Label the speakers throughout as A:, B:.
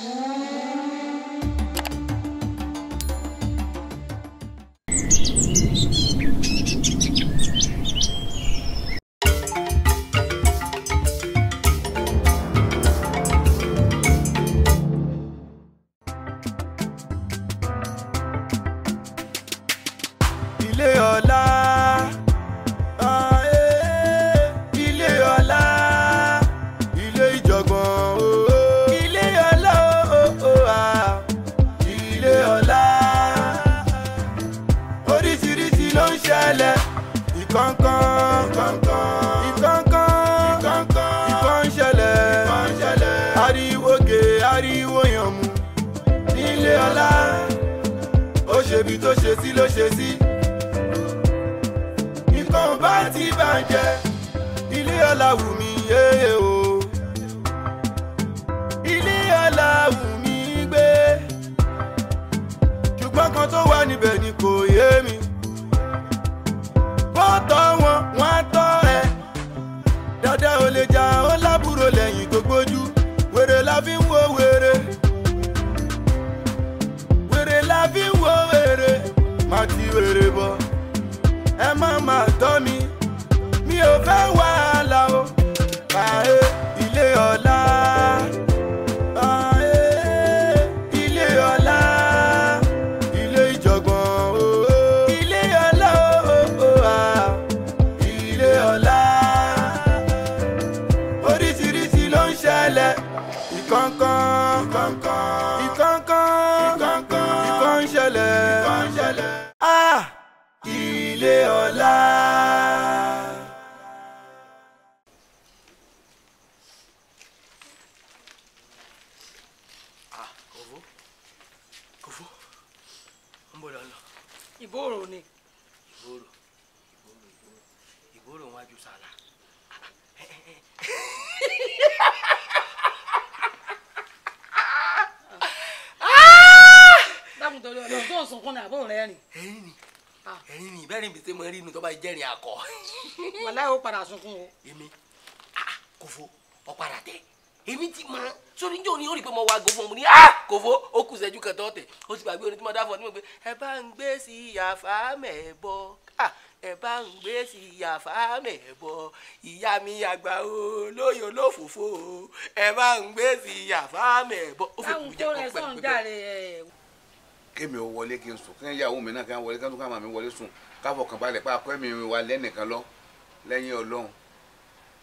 A: Thank you. ṣebi tó ṣe sí ló ṣe sí. nǹkan bá ti bàjẹ́ ilé ọlá wù mí yéé o. ilé ọlá wù mí gbé. ṣùgbọ́n kan tó wà níbẹ̀ ni kò yé mi. bọ́tọ̀ wọn wọ́n á tọ́ ẹ dáadáa ò lè máa tọ́ mi mi ò fẹ́ wàhálà o pààyè ilé ọ̀la.
B: ẹ̀rín ni ah. ẹ̀rín ni ìbẹ́rìn bìtẹ́ mọ ẹ̀rín nu tó bá jẹ́rìn akọ. wàlá yóò padà sunkún o. èmi ah, kòfó ọ̀padà tẹ èmi ti mọ sórí njó ni ó rí i pé mo wá gbogbo mo ní ah, kòfó ó kù sẹ́jú kan tó tẹ̀ ó ti gbàgbé onítìmọ̀ dáfọ̀ ní mo pé ẹ bá ń gbé sí yàfá mẹ́ẹ̀bọ ẹ bá ń gbé sí yàfá mẹ́ẹ̀bọ ìyá
C: mi àgbà o lóyò lófòfò ẹ bá ń gbé sí yàfá mẹ́ẹ̀bọ. táwọn kó rẹ sọ̀njà
D: rẹ̀ ẹ̀
C: kémi ò wọlé kí n sùn kí n yàwó mi náà kí n wọlé kí n tún káàmà mi wọlé sùn káfọ̀ kan balẹ̀ pa akọ́ mi wa lẹ́nìkan lọ lẹ́yìn ọlọ́run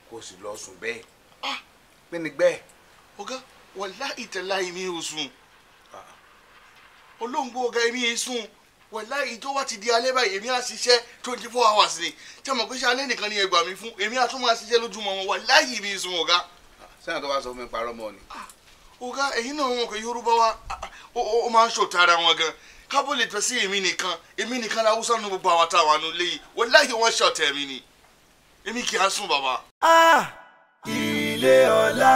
C: kò sì lọ sùn bẹ́ẹ̀ pé ah! ni gbẹ́. ọ̀gá wàlá ìtẹ̀lá mi ò sùn olóńgbò ah. ọ̀gá mi ò sùn wàlá ìjọ wa ti di alẹ́ báyìí èmi á ṣiṣẹ́ twenty four hours ni tí a mọ̀ pé ṣe alẹ́ nìkan ni ẹgbàá mi fún èmi á tún máa ṣiṣẹ́ lójúmọ́ wọn wàlá yìí mi ò sùn ọ̀gá. sẹ́yìn ah, tó bá sọ fún mi parọ́ mọ́ ni. Ah ọ̀gá ẹ̀yin náà wọn kò yorùbá ó máa ń ṣòtá ara wọn gan kábò lè tọ́ sí èmi nìkan èmi nìkan la hausa nu gbogbo àwọn táwa nu léyìí wọ́n láyé wọ́n ṣọ̀tẹ̀ mi ni èmi kì í sùn bàbá.
A: Ah! ilé ọlá.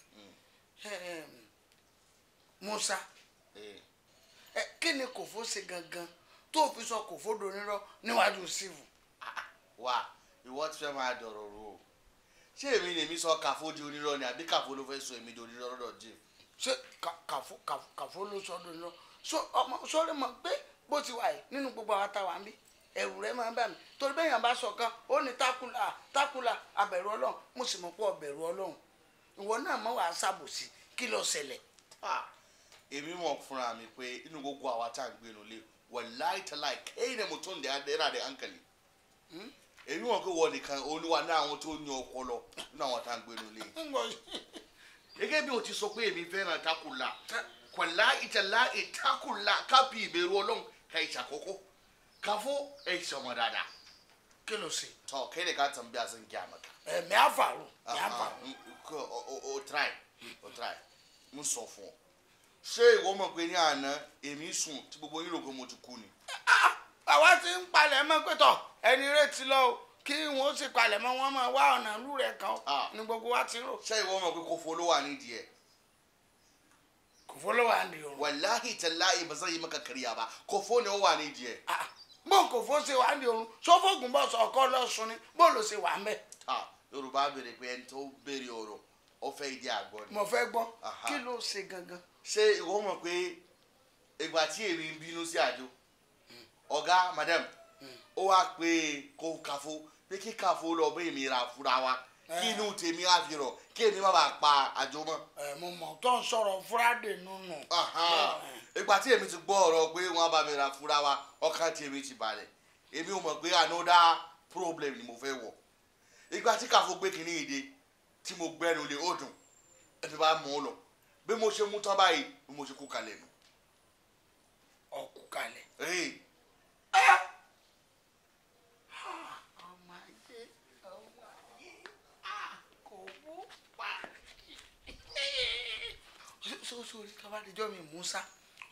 C: Musa eh. kí ni kòfó ṣe gangan tó fi sọ kòfó donírọ́ níwájú sífù. Ah, ah, wà ìwọ ti fẹ́ máa dọ̀rọ̀ ru o ṣé èmi lèmi sọ kàfó di onírọ́ ni àbí kàfó ló fẹ́ sọ èmi di onírọ́ lọ́dọ̀ jim. ṣé kàfó kàfó ló sọ donírọ́ sọrí mọ̀ pé bó ti wà yìí nínú gbogbo àwọn táwa ń bí ẹ̀rù rẹ máa ń bà mí torí bẹ́ẹ̀ yàn bá sọ kan ó ní tákùlà tákùlà abẹ̀rù ọlọ́run mo sì mọ̀ pé ọbẹ̀rù ọlọ́run ìwọ náà mọ wàá ṣàbòsí kí ló ṣẹlẹ̀. èmi mọ̀ fúnra mi pé inú gbogbo àwa tá à ń gbé inú ilé wàláì tàláì kéyìn ni mo tó ń dẹ́ àdéhà dé àǹkàlì hmm? èmi mọ̀ pé wọ́n nìkan olúwa náà àwọn tó ní ọpọlọ náà wọ́n tá à ń gbé inú ilé. gẹ́gẹ́ bí o ti sọ pé èmi fẹ́ràn takùlà kọ̀lá ìtàlá ìtakùlà kápì ìbẹ̀rù ọlọ́run ká ìṣàkókò ká fún ẹ̀ṣọ́ mọ̀ dáadáa kí ló ṣe. tọ́ kéde ká tàn bí a ṣe ń gé àmọ́ o, o, o try sọ fún ọ ṣé ìwọ mọ̀ pé ní àná èmi sùn tí gbogbo yín rògbò mo ti kú ni. Ah, àwa ti ń palẹ̀ mọ́ pé tọ̀ ẹni retí lọ o kí wọn sì ọ̀nà rẹ̀ kan ah. ni gbogbo wa ti rò. ṣé ìwọ pé kò fọ́ ló wà nídìí ẹ̀. kò fọ́ ló wà nídìí o. wàláhì tàláhì bá yìí kiri kò fọ́ ni ó wà nídìí ẹ̀. Ah, kò fọ́ wà ọkọ yorùbá béèrè pé ẹni tó béèrè ọ̀rọ̀ ó ìdí àgbọ̀ ni. mo kí ló ṣe gangan. ṣé ìwọ mọ̀ pé ìgbà tí èmi ń bínú sí àjò hmm. madam hmm. ó wá pé kó kàfó pé kí kàfó lọ bẹ́ẹ̀ mi ra fúra wa eh. kí inú tèmi á fi rọ̀ kí èmi má bàa pa àjò ẹ eh, mo mọ tó ń fúrádé eh. ti gbọ́ ọ̀rọ̀ pé wọ́n bá mi ìgbà tí káfó gbé kínní èdè tí mo gbẹnu lè ó dùn ẹni bá mú un lọ bí mo ṣe mú tán báyìí bí mo ṣe kú kalẹ̀ nù. ọkú kalẹ̀. Ah! Ah, sórí kábàdéjọ́ mi musa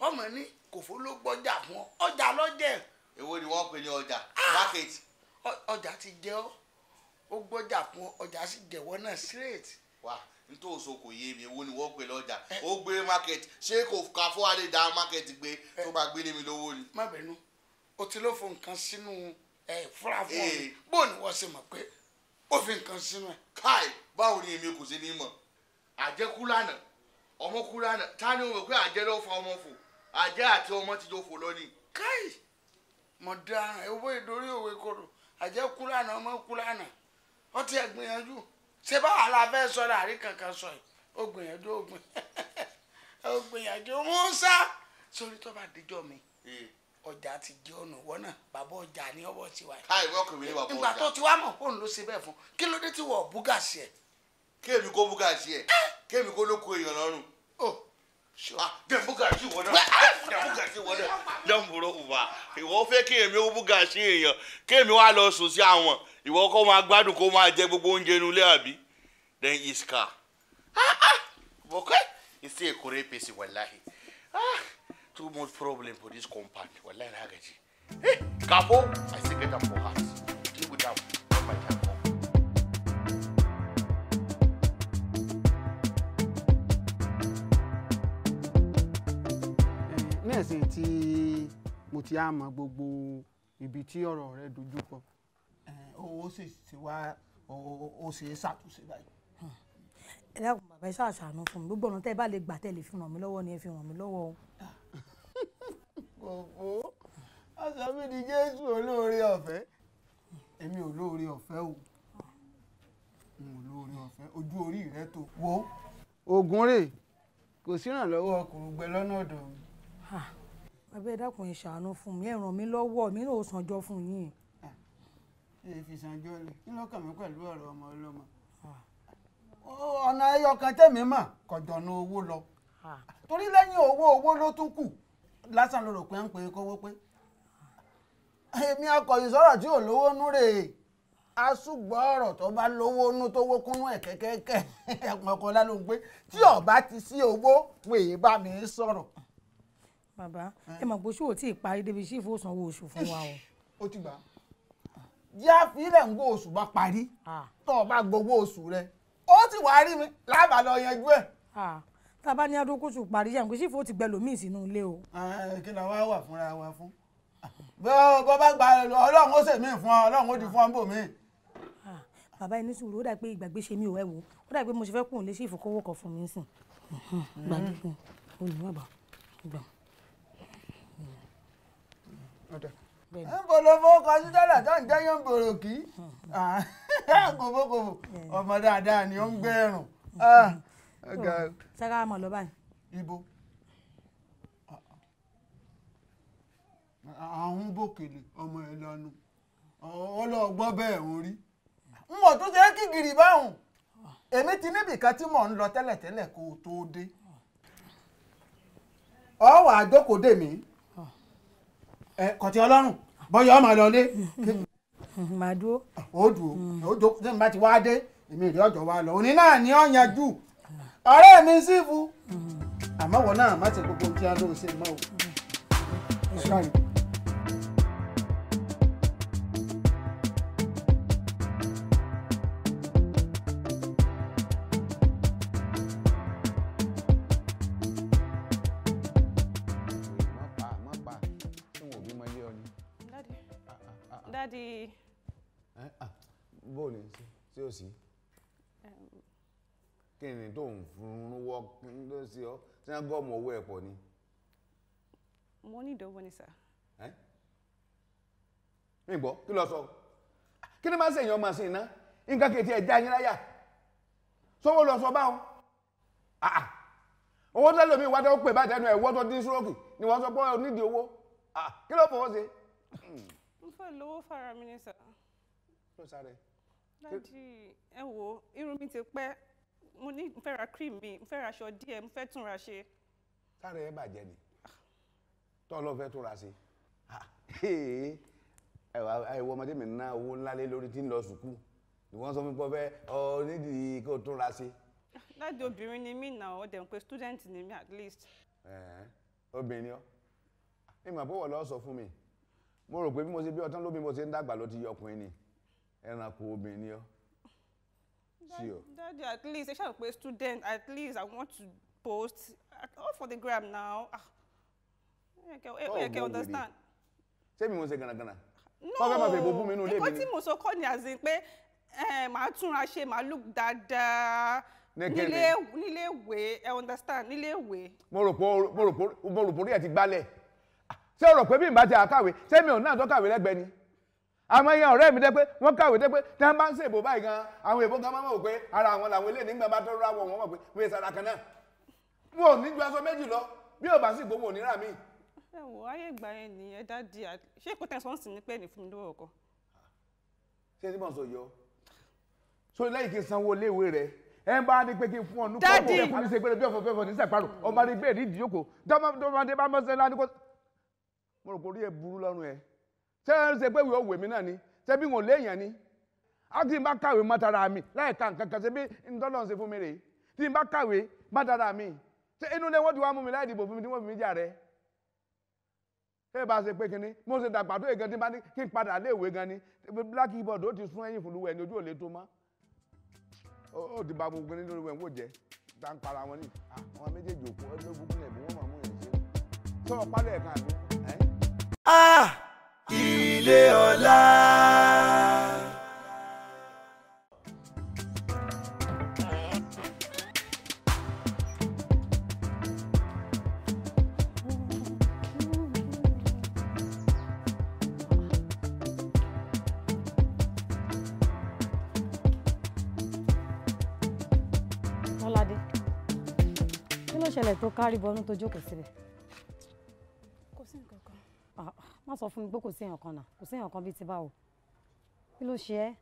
C: ọmọ ní kòfó ló gbọ́jà fún ọ ọjà lọ́jẹ̀. èwo ni wọ́n pè ní ọjà ah! market. ọjà ti jẹ́ ọ́ ó gbọ́jà fún ọjà sì jẹ̀wọ́ náà straight. wà n tó so kò yé mi èwo ni wọ́n pè lọ́jà ó gbé market ṣé kò ká fún wa lè dá market gbé tó bá gbélé mi lówó ni. má bínú o ti ló fo nǹkan sínú ẹ fúra fún ọ eh. bó ni wọ́n ṣe mọ̀ pé ó fi nǹkan sínú ẹ. káì báwo ni èmi kò ṣe ní mọ̀ àjẹkú lánàá ọmọ kú ta ni o mọ̀ pé àjẹ ló fa ọmọ fò àjẹ àti ọmọ ti jó fò lónìí. káì mọ̀ dáhùn ẹ̀ wọ́n ìdórí òwe koro àjẹ kú lánàá ọmọ ó ti ẹ̀ gbìyànjú ṣé báwa la fẹ́ sọ ràrí kankan sọ yìí ó gbìyànjú ó gbìyànjú Musa sórí tó bá dijọ́ mi ọjà ti jẹ ọ̀nà wọn náà bàbá ọjà ní ọwọ́ ti wáyé. káyì wọ́kùnrin ní bàbá ọjà. ìgbà tó ti wá mọ̀ kó n ló ṣe bẹ́ẹ̀ fún kí ló dé tí wọ́n búgà sí ẹ̀. kéèmí kó búgà sí ẹ̀ kéèmí kó ló èèyàn lọ́rùn dẹ̀ mú gàṣí dẹ̀ mú gàṣí wọ dẹ̀ mú wà ìwọ fẹ́ kí èmi ó mú èèyàn kí èmi wá lọ sùn sí àwọn ìwọ kọ́ máa gbádùn kó máa jẹ gbogbo oúnjẹ inú ilé àbí then iska bọ́kẹ́ ìsí èkórè pèsè wàláhì too much problem for this compound wàláhì náà gàjì kàfó I still get am for heart. lẹ́yìn tí mo ti àmọ́ gbogbo ibi tí ọ̀rọ̀ rẹ dojú kọ.
D: owó sì ti wá ó ṣe é ṣàtúnṣe báyìí. ẹ dákun bàbá ẹ ṣàṣàánú fún mi gbogbo ọ̀nà tẹ́ ẹ bá lè gbà tẹ́ lè fi ràn mí lọ́wọ́ ni ẹ fi ràn mí lọ́wọ́ o.
A: kòkó ọ̀sán
C: mi di jésù olóore ọ̀fẹ́ èmi ò lóore ọ̀fẹ́ o n ò lóore ọ̀fẹ́ ojú orí rẹ tó wo. oògùn rẹ̀ kò sí
D: ìrànlọ́wọ́ ọkùnrin gbẹ lọ́nà ọ̀dọ̀ mi abẹ́ dákun ẹ̀ ṣàánú fún mi ẹ ràn mí lọ́wọ́ mi náà ó sanjọ́ fún yín. Ah,
A: ẹ fi sanjọ́ lè kí ló kàn mí pẹ̀lú ọ̀rọ̀ ọmọ ọlọ́mọ ah.
C: ọ̀nà ẹyọ kan tẹ̀mí mà kọ̀dọ̀nà owó lọ ah. torí lẹ́yìn owó owó ló tún kù lásán ló rò pé ń pè é kówó pé èmi akọ̀yìn sọ̀rọ̀ tí ò lówó nú rèé asúgbọ́ ọ̀rọ̀ tó bá lówó
D: nú tó wó kúnú ẹ̀ kẹ́kẹ́kẹ́ ẹ̀pọ̀n kan lálóhùn pé tí ọba ti sí owó wèé bá mi sọ̀rọ̀ bàbá ẹ mọ̀ pé ṣòwò tí ì parí débi ṣì fò sanwó oṣù fún wa o. ó ti gbà yá fílẹ̀ ń gbó oṣù bá parí tó o bá gbowó oṣù rẹ ó ti wá rí mi láàbà lọ yanjú ẹ̀. tá a bá ní adókòṣù parí yàgò ṣì fò ti gbẹ lòmíì sínú ilé o. kí ni àwa wà fúnra wa fún bọ́ bá gba ọlọ́run ó sèmí fún ọ ọlọ́run ó di fún ọ bò mí bàbá ẹni sùúrù ó dà pé ìgbàgbé ṣe mí ò ẹwò ó dà pé mo ṣe fẹ́ kùn lé sí ìfowópamọ́ kan fún mi sìn gbàgbé fún
B: olùwàbà gbà.
D: nbolo
C: fọkọ sí tó ń jẹ́yàn bòròkì kòbókòbó
D: ọmọ dáadáa ni ó ń sẹ́ka hmm. ah, hmm. mọ̀ ibo
C: ọmọ ẹ̀ lọ́nu ọlọ́gbọ́n bẹ́ẹ̀ ń rí mo tó ṣe é èmi ti níbì kan tí mò ń lọ tẹ́lẹ̀tẹ́lẹ̀ kó
D: o ọ jókòó dè kọ̀tí ọlọ́run bọ́yọ̀ ọmọ lọ lé. màá dúró. ó dùn ó dùn tí mo bá ti wá
C: dé èmi ìrì ọjọ́ wa lọ òní náà ni ó yanjú ọ̀rẹ́ mi síbu àmọ́ wọn náà má ti gbogbo ohun tí a lóò ṣe mọ́ o. ọ ló ṣe ọ tí wọ́n gọ́ọ̀mù owó ẹ̀ pọ̀ ni.
D: mo ní ìdánwò ni sà.
C: mi gbọ́ kí ló sọ kí ni máa ń sèyàn máa ṣe iná nǹkan kìí ti yín láyà sọ́wọ́ lọ sọ báwọn owó tẹ́lẹ̀ mi wá tó bá tẹnu ẹ̀ wọ́ dín súrókì ni wọ́n sọ pé ó nídìí owó kí ló fọwọ́ ṣe.
D: mo fẹ́ lówó fara mi ni sà. ló sáré. dájú ẹ wo irun mi ti pẹ́ mo ní mo fẹ́ ra cream mi mo fẹ́ ra aṣọ díẹ̀ mo fẹ́ túnra ṣe.
C: tára ẹ bàjẹ́ ni ah. tọ́ lọ fẹ́ túnra ṣe ah, ẹ̀wọ̀ ọmọdé mi ná owó ńlá lé lórí tí ń lọ sùkúù ni sọ fún pọ́ fẹ́ ọ nídìí kó túnra ṣe.
D: Ah, láti obìnrin ni mí nà ọ́ dẹ̀ ń pe student ni mí at least.
C: obìnrin ọ ìmọ̀ pé wọ́n lọ sọ fún mi mo rò pé bí mo ṣe bí ọtán lóbi mo ṣe ń dàgbà ló ti yọ ni ẹranko obìnrin ọ.
D: Sure. Daddy, at least, I shall be a student. At least I want to post. All for the gram now. Ah. I can, I can understand. Ṣé mi mo ṣe gànàgànà? No. Pápá máa fẹ́ bóbú mi inú ilé mi ni. Ẹ̀kọ́ tí mo sọ kọ́ ni àzín pé eh, màá túnra ṣe màá look dáadáa nílé nílé ìwé ẹ understand nílé ìwé.
C: mo rò pé mo rò pé orí ẹ ti gbálẹ̀ ah, ṣé o rò pé bí n bá ti àkàwé ṣé mi ò náà tó kàwé lẹ́gbẹ̀ẹ́ ni àmọ́ iye ọ̀rẹ́ mi dẹ́ pé wọ́n kàwé dẹ́ pé tí wọ́n bá ń ṣèbò báyìí gan àwọn èbó kan máa mọ̀ pé ara àwọn làwọn eléyìí nígbà bá tó rà wọ̀ wọ́n mọ̀ pé wọ́n sara kan náà wọn ò ní ju aṣọ méjì lọ bí ò bá sì gbowó ò ní rà mí.
D: ẹ wò ayé ìgbà yẹn nìyẹn dádì ṣé kò tẹ̀sán sí ni pé ní fún mi lówó ọkọ.
C: ṣé tí mo sọ yọ sórí lẹ́yìn kí n sanwó iléèwé rẹ ẹ bá ní pé kí n fún ọ nú pọ́ọ̀pù rẹ fún mi ṣe pé bí ọ̀fọ̀ fẹ́fọ̀ ní sàpárò ọmọ rẹ gbé ìdí ìdíyókò dọ́mọdé bá mọ́ sẹ́lá ní kò. mo rò pé orí ẹ burú lọ́rùn tẹ́ẹ̀rẹ́sẹ̀ pé ìwé òwe mi náà ni tẹ́bí wọn léèyàn ni á tí n bá kàwé mi láì ka nǹkan ṣe bí ṣe fún mi rèé tí bá kàwé má mi ṣé inú ilé wọn ti wá mú mi mi tí fi mi jà rẹ ṣé a ṣe pé ni mo ṣe dàgbà tó tí n bá ní kí ni black keyboard ó ti sún ẹ̀yìn fún ni ojú ò lè tó mọ́ ó ti ba gbogbo
A: ilé ọlá.
E: Bọ́ládé kí ló ṣẹlẹ̀ tó kárí bọnú tó jókòó síbẹ̀. sọ fún mi pé kò sí èèyàn kan náà kò sí èèyàn kan bíi ti báwo kí ló ṣe ẹ́.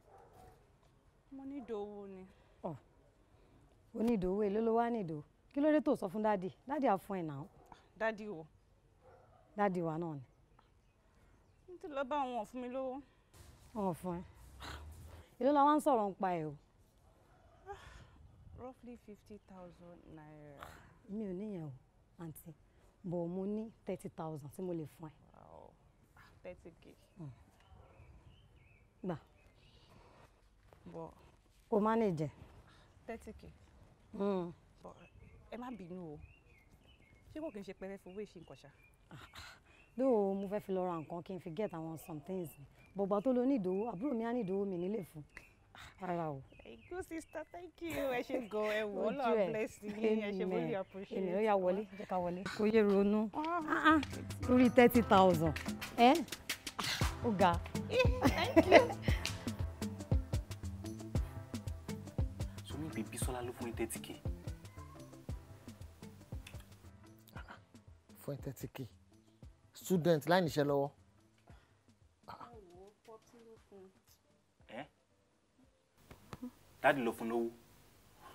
D: mo ní ìdòwò ni.
E: ọ o ní ìdòwò èló ló wá ní ìdòwò kí ló dé tó sọ fún dádì dádì á ẹ náà. dádì wo. dádì wa náà ni.
D: nítorí lọ bá wọn fún mi lówó.
E: wọn fún ẹ èló la wá ń sọ̀rọ̀ ń pa ẹ̀ o.
D: roughly fifty thousand naira.
E: mi ò níyẹn o àǹtí bọ̀ mo ní thirty thousand tí mo lè fún ẹ thirty k. Nah. But. o manage hmm. ẹ. thirty k. bọ̀
D: But. má bínú o ṣé she kí n ṣe pẹ́rẹ́ fowó ìṣe nǹkan ṣá.
E: dóò mo fẹ́ fi lọ ra nǹkan kí n fi get àwọn some things gbogbo tó lo nídòó àbúrò mi á nídòó mi nílé fún ara
D: thank you sister thank you ẹ ṣe gan ẹ wọ Ọlọ́run bless you ẹ ṣe mo lè appreciate. ènìyàn yà wọlé
E: jẹ ká wọlé. kò ah. yé ronú ah. Ah, lórí thirty thousand ẹ ó ga. Eh, thank you.
F: sọmi pé Bísọ́lá ló fún ẹ thirty k. fún ẹ thirty k student láì níṣẹ́ lọ́wọ́. dáàdì lọ fún lówó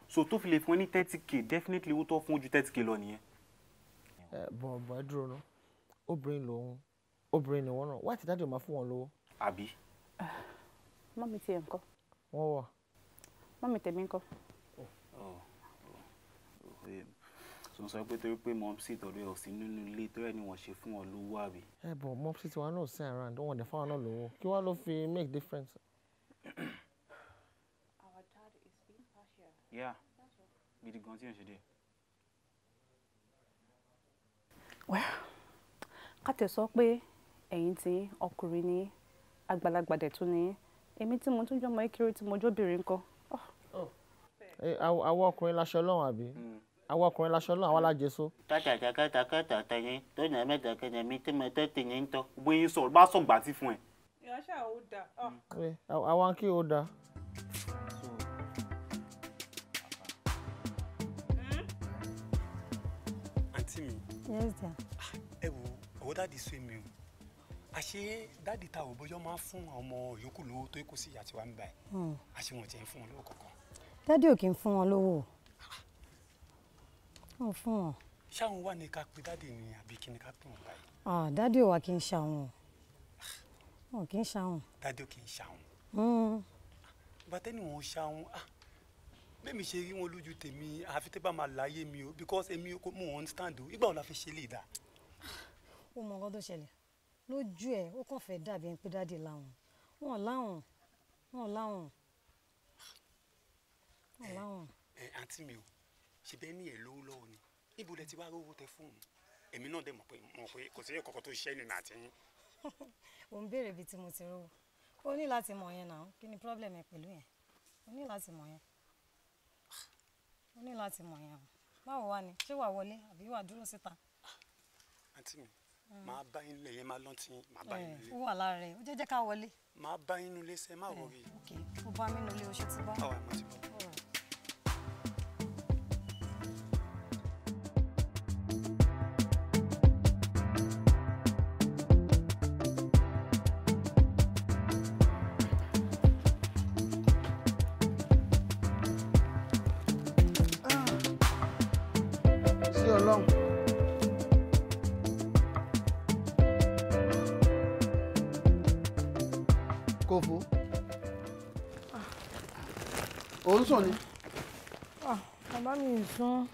F: so tó fi lè fún ẹ ní thirty k definitely ó tọ́ fún ojú thirty k lọ nìyẹn.
C: ẹ bọ̀ bọ̀ ẹ dúró ná obìnrin lòun obìnrin lòun náà wáá ti dáàdì máa fún wọn lówó.
F: àbí.
D: Ah, mọ́mí tiẹ̀ ń kọ́. wọ́n wọ̀. mọ́mí tèmi ń kọ́.
F: Oh, oh, oh, eh, sọ sọ pé torí pé mọ́mísì tọ̀dọ̀ ẹ̀ ò sí nínú ilé tó ẹ̀ ni wọ́n ṣe fún ọ lówó àbí.
C: ẹ bọ̀ mọ́mísì tiwa náà sí around wọn dẹ̀ fáwọn náà lówó kí wọ́n ló fi make difference.
F: Yeah. Gidi gan tí ò
D: Well, ká tẹ̀ sọ pé ẹ̀yin tí ọkùnrin ní àgbàlagbà dẹ̀ tún ní èmi tí mo tún jọmọ ekiri tí mo jóbìnrin ńkọ́. Oh. Oh.
C: Àwọn ọkùnrin laṣọ lọ́wọ́n àbí? Hmm. Àwọn ọkùnrin laṣọ lọ́wọ́n àwọn alájẹsó.
F: Kátàkátàkátà tẹ̀yìn tó nà mẹ́ta kẹ́nà mi tí mo tẹ́ tẹ̀yìn ń tọ́. Gbé bá sọ̀gbà tí fún ẹ. Ìyáṣà
C: ò dáa. Oh. Àwọn kí ò dáa.
E: yes dear. Ah,
F: ẹ wo ọwọ́ dáàdi sọ èmi o àṣé dáàdi ta ò bóyá máa fún ọmọ yòókù lówó tó kó sí ìyá tiwa mi hmm. báyìí àṣé wọn jẹ́ ń fún wọn lówó kankan.
E: dáàdi ò kì í fún wọn lówó o ò fún wọn.
F: ṣáwọn wà ní ká pe dáàdi ni àbí kí ni ká pè wọn báyìí.
E: ah dáàdi ò wá kí n ṣàwọn o kì í ṣàwọn. dáàdi ò Hmm. í ṣàwọn.
F: bàtẹ́ni wọn ṣàwọn ah mẹ́mi ṣe rí wọn lójú tèmi àfi tẹ́ bá máa láyé mi o because èmi kò mú wọn stand o ìgbà wọn la fi ṣe lè dà.
E: ó mọ nǹkan tó ṣẹlẹ̀ lójú ẹ̀ ó kàn fẹ́ dàbí ẹni pé dáàdì láwọn wọn láwọn wọn láwọn wọn láwọn.
F: ẹ àǹtí mi o ṣe bẹ́ẹ̀ ní ẹ̀ lówó lọ́wọ́ ni níbo lẹ ti wá rówó tẹ fóònù èmi náà dẹ̀ mọ̀ pé mọ̀ pé kò sí ẹ̀kọ́kọ́ tó ṣiṣẹ́ nínú àtẹ̀yìn.
E: ò ń béèrè ibi tí mo ti rówó o ní láti mọ̀ yẹn náà kí ni problem ẹ pẹ̀lú yẹn o ní láti mọ̀ yẹn ó ní láti mọ̀ yẹn o báwo wá ni ṣé wà wọlé àbí wà dúró síta. àǹtí mi màá
F: bá yín lè yẹn máa lọ́ntì màá bá yín lè. ó
E: lára rẹ̀ ó jẹ́ jẹ́ ká wọlé.
F: màá bá yín nulẹ̀ sẹ́ máa wọ̀ rí. ok
E: ó bá mi nulẹ̀ oṣù tí bá. àwọn
F: àmọ́ ti bọ̀.
C: ò ń sùn ni. Ah, bàbá mi ì sùn.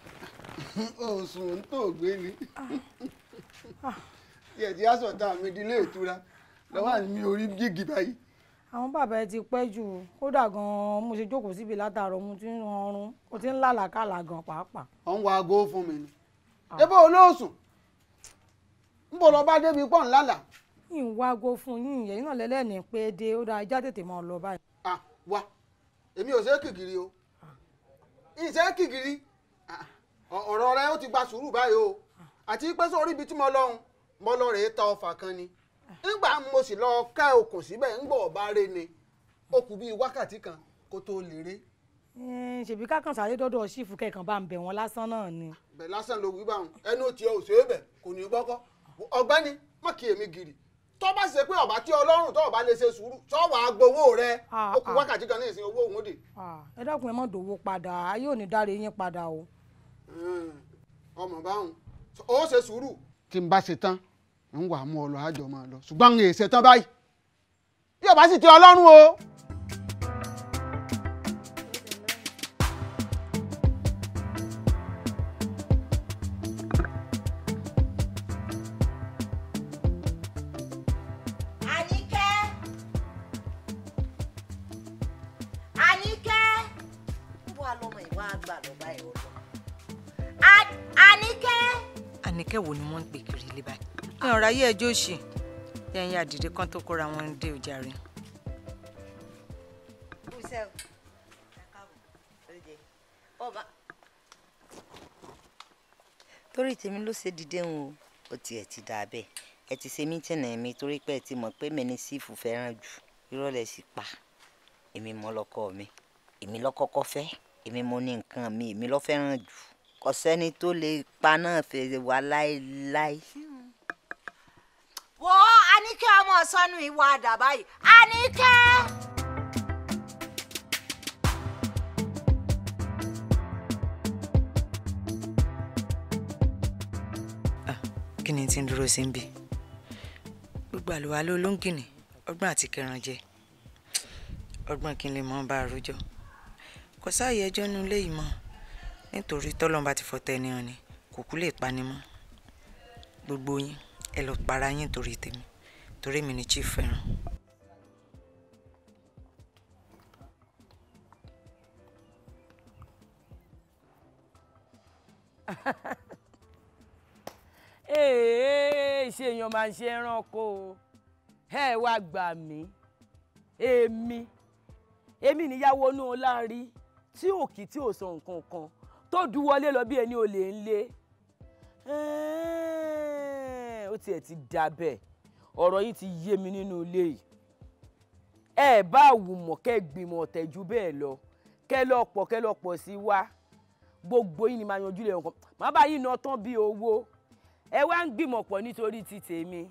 C: ò sùn ń tó gbé ni. Ah, ah. tiẹ̀ tí aṣọ̀tà mi di ilé ìtura lọ́wọ́
D: mi orí gígì báyìí. àwọn bàbá ẹ ti pẹ́ jù kódà gan-an mo ṣe jókòó síbi látàárọ̀ mo ti ń rọrùn mo ti ń lálàkàlà gan pàápàá.
C: ọ̀ ń wa aago
D: fún mi ni. ebe olóòsùn ń bọ̀ lọ bá débi pọ̀ ńlálà. yìí ń wá aago fún yìnyín yẹn náà lẹ́lẹ́ni pé dé ó dáa ajá tètè máa lọ báyìí. à
C: wá èmi ò ṣe é kìkìrì o ìṣe é kìkìrì ọ̀rọ̀ rẹ ó ti gba sùúrù báyìí o àti pé sórí ibi tí mo lọ́hùn mo lọ rèé ta ọfà kan ni nígbà mo sì lọ ká okùn síbẹ̀ ń gbọ̀ ọ̀bá rẹ ni ó kù bíi wákàtí kan kó tó lè ré.
D: ṣèbí kákan sáré dọ́dọ̀ ṣífù kẹ̀kan bá ń bẹ̀ wọ́n lásán náà ni.
C: bẹ̀ lásán ló wí báwọn ẹnu tí o ò ṣe é bẹ̀ kò ní í gbọ́kọ́ ọ̀gbẹ́ni má èmi gírì tó bá ṣe pé ọba tí ọlọ́run tó ọba lè ṣe sùúrù tó wàá gbowó rẹ ah, ó kù ah. wákàtí kan ní ìsìn owó òun dè. Ah,
D: ẹ dákun ẹ má dòwó padà ayé ò ní dáre yín padà o. ọmọ báwọn ó ṣe sùúrù.
C: tí n bá ṣe tán ń wà mú ọ lọ àjọ máa lọ ṣùgbọ́n n kì ṣe tán báyìí bí ọba sì ti ọlọ́run o.
D: ayé ẹjọ́ òsì yẹn àdìrí kan tó kóra wọn dé ojàre.
B: torí tèmi ló ṣe dìde ń o ó tiẹ̀ ti dà bẹ́ẹ̀ ẹ ti ṣe mítìnà mi torí pé ẹ ti mọ̀ pé mi ní sífù fẹ́ràn jù ìrọ̀lẹ́ sì pa èmi mọ́ lọ́kọ mi èmi lọ́kọ́kọ́ fẹ́ èmi mo ní nǹkan mi èmi lọ́ fẹ́ràn jù kò sẹ́ni tó lè pa náà fèrè wá láéláé
D: mọ sọnù ìwà àdà báyìí àníkẹ́. Ah, kí ni tí ń dúró sí ń bì gbogbo àlùwà ló ló ń gìnì ọgbọ́n àti kẹran jẹ ọgbọ́n kí n lè mọ bá a kò sáàyè ẹjọ́ nu ilé yìí mọ́ nítorí tọ́lọ́mbà ti fọ̀tẹ̀ ẹni hàn ni kò kú lè pani mọ́ gbogbo yín ẹ lọ para yín torí tèmi torí mi ni chief fẹ́ràn.
B: ṣe èèyàn máa ń ṣe ẹranko o ẹ wá gbà mí èmi èmi níyàwó inú ọláńrí tí òkì tí ò sọ nǹkan kan tó dúwọlé lọ bí ẹni olè ń lé ó tiẹ̀ ti dà ọ̀rọ̀ yìí ti yé mi nínú ilé yìí ẹ bá àwùmọ̀ kẹ́ gbìmọ̀ ọ̀tẹ̀jú bẹ́ẹ̀ lọ kẹ́ lọ pọ̀ kẹ́ lọ pọ̀ sí wa gbogbo yìí ni máa yanjú lè nǹkan má bá yìí ná tán bí owó ẹ wá ń gbìmọ̀ pọ̀ nítorí ti tèmi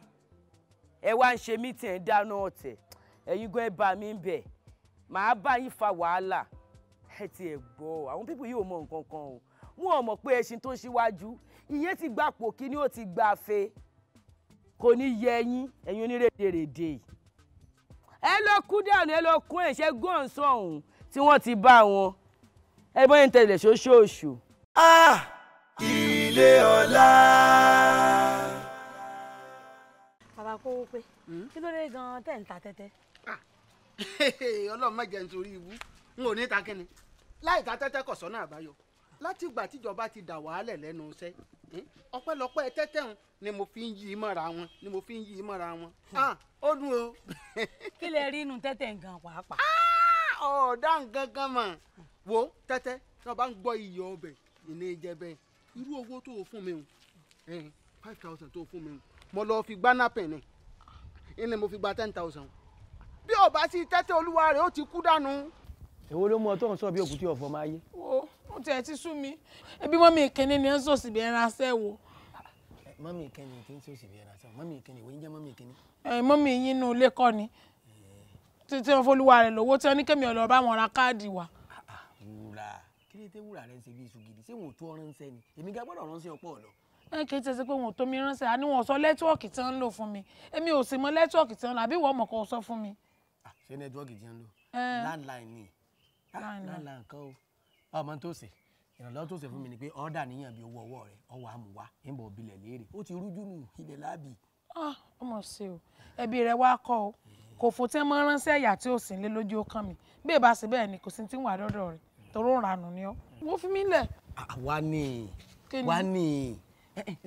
B: ẹ wá ń ṣe mítìn ẹ̀ dáná ọ̀tẹ̀ ẹ̀yin gan ẹ bá mi ń bẹ̀ màá bá yín fa wàhálà ẹ ti ẹ̀ gbọ́ àwọn pípù yìí ò mọ nǹkan kan o wọn ò mọ̀ pé ẹṣin tó ṣíwájú ìyẹn ti gbapò kí ni ó ti gbà fe kò ní yẹ ẹ̀yin ẹ̀yin onírèdèrèdè ẹ lọ kú dànù ẹ lọ kún ẹ̀ṣẹ́ gọ́ǹsọ̀ ọ̀hún tí wọ́n ti bá wọn ẹ bọ́ yẹn tẹ̀lé ṣoṣooṣù. ah
A: ilé ọlá.
D: bàbá kówó pé hmm? kí ló dé gan-an tẹ̀ ń ta tẹ́tẹ́. Ah! ọlọ́run má nítorí ibú n ò ní ta kínni
C: láì ta tẹ́tẹ́ kọ̀ àbáyọ láti ìgbà tíjọba ti dà wàhálẹ̀ lẹ́nu iṣẹ́ ọpẹ́lọpẹ́ tẹ́tẹ́hùn ni mo fi ń yí mọ́ra wọn ni mo fi ń yí mọ́ra wọn hmm. ah, ó dùn o.
D: kí lè rí inú tẹ́tẹ́ gan pàápàá. Ah,
C: ọ̀ọ́dà gangan mọ̀ wo tẹ́tẹ́ tí wọ́n bá ń gbọ́ iyọ̀ ọbẹ̀ ìní jẹ bẹ́ẹ̀ irú owó tó o fún mi o five thousand tó o fún mi o mo lọ fi gbaná pẹ̀lẹ́ ìní mo fi gba ten
B: thousand bí o bá sí tẹ́tẹ́ olúwa rẹ̀ ó ti kú dànù. èwo ló mú ọ tó ń sọ bí òkú tí ọ̀fọ̀ máa yé ó tiẹ̀ ti sú mi ẹbí mọ́mí ìkẹ́ni ni ẹ̀ ń sòsì bí ẹran aṣẹ́ wo.
F: mọ́mí ìkẹ́ni kì í sòsì bí ẹran aṣẹ́ wo mọ́mí ìkẹ́ni ìwé ń jẹ́ mọ́mí ìkẹ́ni.
D: ẹ mọ́mí yín inú ilé kọ́ ni eh. títí wọn fọlúwa rẹ lówó tí wọn ní kẹ́mi ọ̀lọ́ bá wọn ra káàdì wa. Ah,
B: ah, wúrà kí ló dé wúrà rẹ ń ṣe bí iṣu gidi ṣé wọn ò tó ránṣẹ́ ni èmi ga gbọ́dọ̀ ránṣẹ́ ọ̀pọ̀ ọ̀lọ́.
D: ẹ kì í ṣe pé wọn ò tó mi ránṣẹ́ àní wọn sọ nẹ́tíwọ̀kì tí wọn ń lò fún mi èmi ò sì mọ nẹ́tíwọ̀kì tí wọn lò àbí ìwọ ọmọ kan sọ fún mi.
B: Ah, ṣé nẹ́tíwọ̀kì tí ń lò eh. landline ni
D: landline
B: kan o ọmọ tó ṣe ìrànlọ́wọ́ tó ṣe fún mi ni pé ọ̀dà níyàn bí owó ọwọ́ rẹ ọwọ́ àmúwá ń bọ̀ bilẹ̀ léèrè ó ti rújú nù ilẹ̀ láàbì.
D: Ah, ọmọ sí o ẹbí rẹ wá kọ o kò fò tí wọn ránṣẹ́ ìyá tí ò sì ń lé lójú ọkàn mi bí èbá sì bẹ́ẹ̀ ni kò sí ti ń wà lọ́dọ̀ rẹ toró ń ranù ni ọ wọ́n fi mí lẹ̀.
B: àwa ni wa ni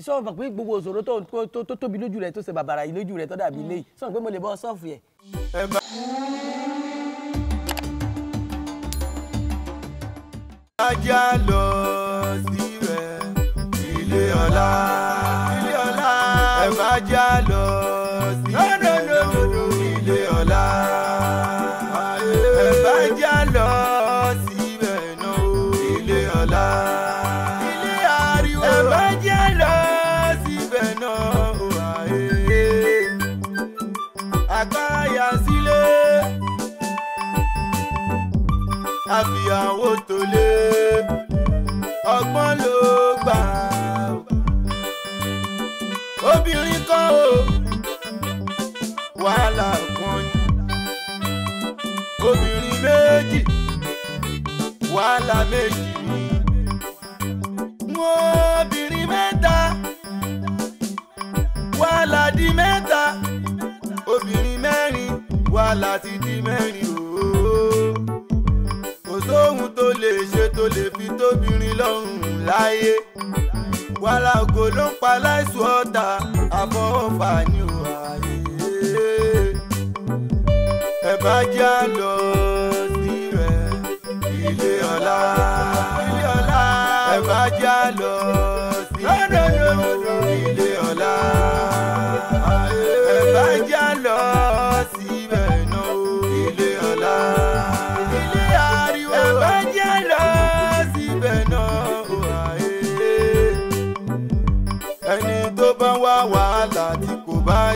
B: sọ́wọ́n fà pé gbogbo òṣòro tó tóbi lójú rẹ̀ tó ṣe bàbàrà lójú rẹ̀ tó dàbí mm. ilé yìí sọ́wọ́n pé mo lè bọ́ sọ́ọ̀fù yẹn.
A: ajá lọ síbẹ̀ ilé ọlá ilé ọlá ẹ má já lọ. mẹ́ta méjì ni. obìnrin mẹ́ta wàhálà di mẹ́ta obìnrin mẹ́rin wàhálà ti di mẹ́rin ooo. kò sóhun tó lè ṣe tó lè fi tóbìnrin lọ́rùn láyé wàhálà ògo ló ń pa láìsùn ọ̀tá àfọwọ́fà ni ò àyè. ẹ bá jẹ́ àlọ́ ilé ọlá ilé ọlá ẹ má já lọ sí ilé ọlá ẹ má já lọ.